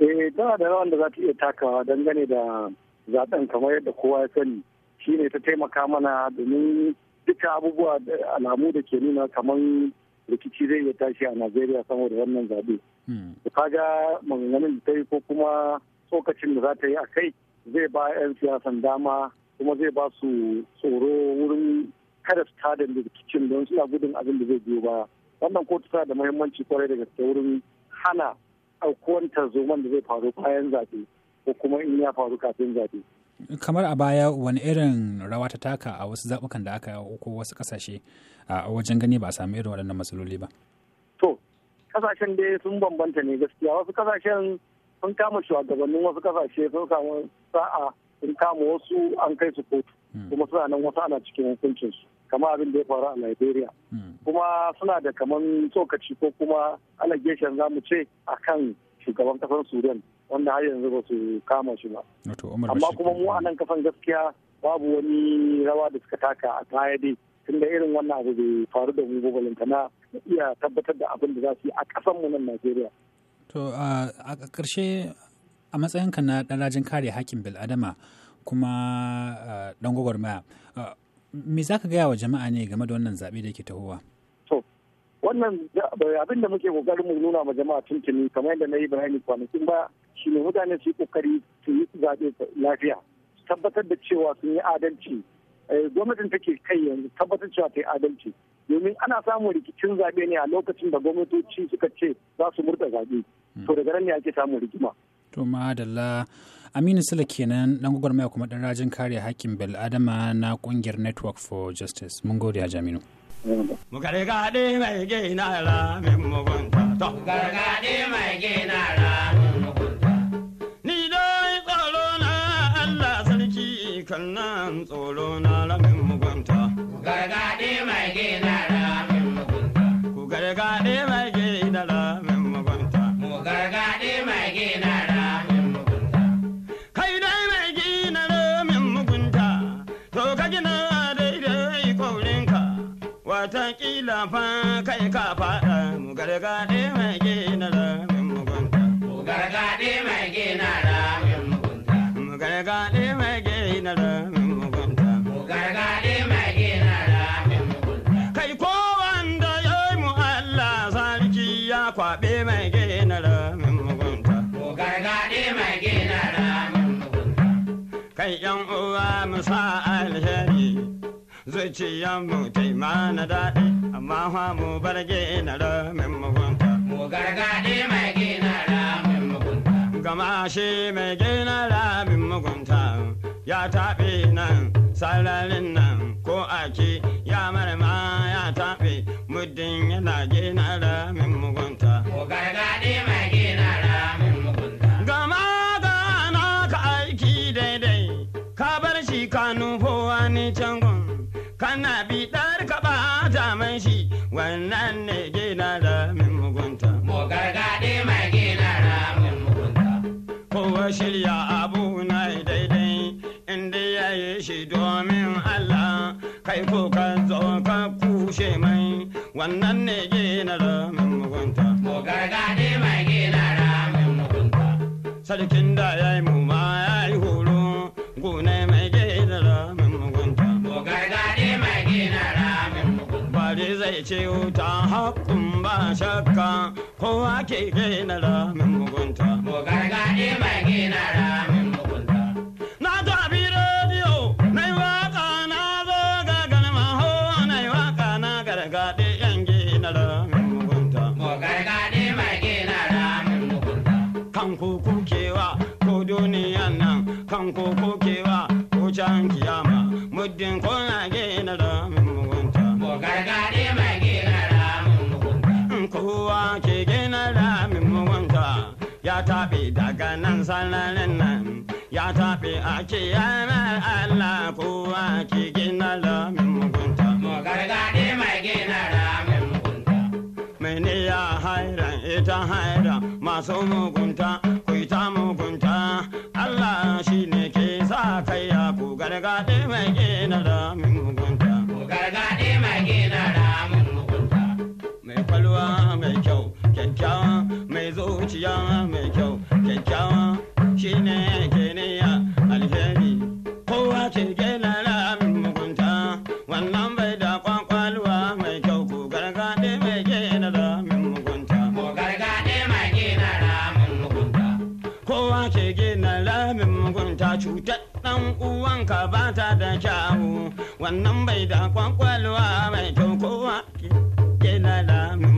eh tana da rawan da za ta iya takawa dangane da zaben kamar yadda kowa ya sani ne ta taimaka mana domin duka abubuwa da alamu da ke nuna kamar rikici zai iya tashi a najeriya saboda wannan zaɓe hmm. da kaga maganganun da ta yi ko kuma tsokacin da za ta yi a kai zai ba 'yan siyasan dama kuma zai ba su tsoro wurin kada su tada rikicin don suna gudun abin da zai biyo ba wannan kotu tana da muhimmanci kwarai da gaske wurin hana aukuwan tarzoman da zai faru bayan zaɓe ko kuma in ya faru kafin zaɓe. kamar a baya wani irin rawa ta taka a wasu zaɓukan da aka ko wasu ƙasashe a wajen gani ba a sami irin waɗannan matsaloli ba. to ƙasashen dai sun bambanta ne gaskiya wasu ƙasashen sun kama shugabannin wasu ƙasashe sun samu sa'a sun kama wasu an kai su kotu hmm. kuma suna nan wasu ana cikin hukuncinsu. kamar abin da ya faru a Najeriya. Hmm. kuma suna da kaman tsokaci ko kuma allegation za mu ce a kan shugaban kasar sudan wanda har yanzu ba su kama shi ba amma kuma mu a nan kasan gaskiya babu wani rawa da suka taka a baya tunda irin wannan abu bai faru da mu ba na iya tabbatar da abin da za su yi a kasanmu nan najeriya to a ƙarshe a matsayinka na ɗan rajin kare haƙƙin bil'adama kuma ɗan gwagwarmaya me za ka gaya wa jama'a ne game da wannan zaɓe da ke tahowa? To, wannan abin da muke kokarin mu nuna ma jama'a tuntuni kamar yadda na yi bayani kwanakin ba shi ne mutane su yi kokari su yi zaɓe lafiya tabbatar da cewa sun yi adalci eh, gwamnatin take kai yanzu tabbatar cewa ta yi adalci domin ana samun rikicin zaɓe ne a lokacin da gwamnatoci suka ce za su murɗa zaɓe to daga nan ne ake samun rigima. To madalla Aminu Sula kenan dan gwagwarmaya kuma dan rajin kare haƙƙin bil'adama na ƙungiyar Network for Justice. Mun gode a jaminu Mu gargaɗe mai gina ra min mugunta. Gargaɗe mai gina ra fa kai ka faɗa mu gargaɗe mai gina mugunta. Mu gargaɗe mai gina mugunta. Mu gargaɗe mai gina mugunta. Kai ko wanda ya yi mu Allah sarki ya kwaɓe mai gina ramin mugunta. Mu gargaɗe mai gina mugunta. Kai ƴan uwa mu sa alheri. zuciyar mu ma na daɗi amma fa mu bar gina ramin mugunta mu gargaɗi mai gina ramin mugunta gama shi mai gina ramin mugunta ya taɓe nan sararin nan ko ake ya marma ya taɓe muddin yana gina ramin mugunta mu gargaɗi mai gina ramin mugunta gama ga ka aiki daidai ka bar shi ka nufo ni can kana bidar ka ba zaman shi wannan ne gina da min mugunta Mo gargade mai gina da min mugunta kowa shirya abu na daidai inda ya yi shi domin Allah kai ko ka zo ka kushe mai wannan ne gina da min zai ce wuta haƙun ba shakka kowa ke gina ramin mugunta. Mu gargaɗi mai gina ramin kan sananin nan ya tafi a kiyamar Allah kowa ki gina lamin mugunta. Mu gargaɗe mai gina lamin mugunta. Mene ya haira ita haira masu mugunta ku ta mugunta Allah shi ne ke sa kai ya ku gargaɗe mai gina lamin shine alheri kowa ke mugunta wannan bai da kwakwalwa mai kyau ko gargaɗe mai mugunta ko mai mugunta kowa ke gina ramin mugunta cutar dan uwanka ba ta da kyawu wannan bai da kwakwalwa mai kyau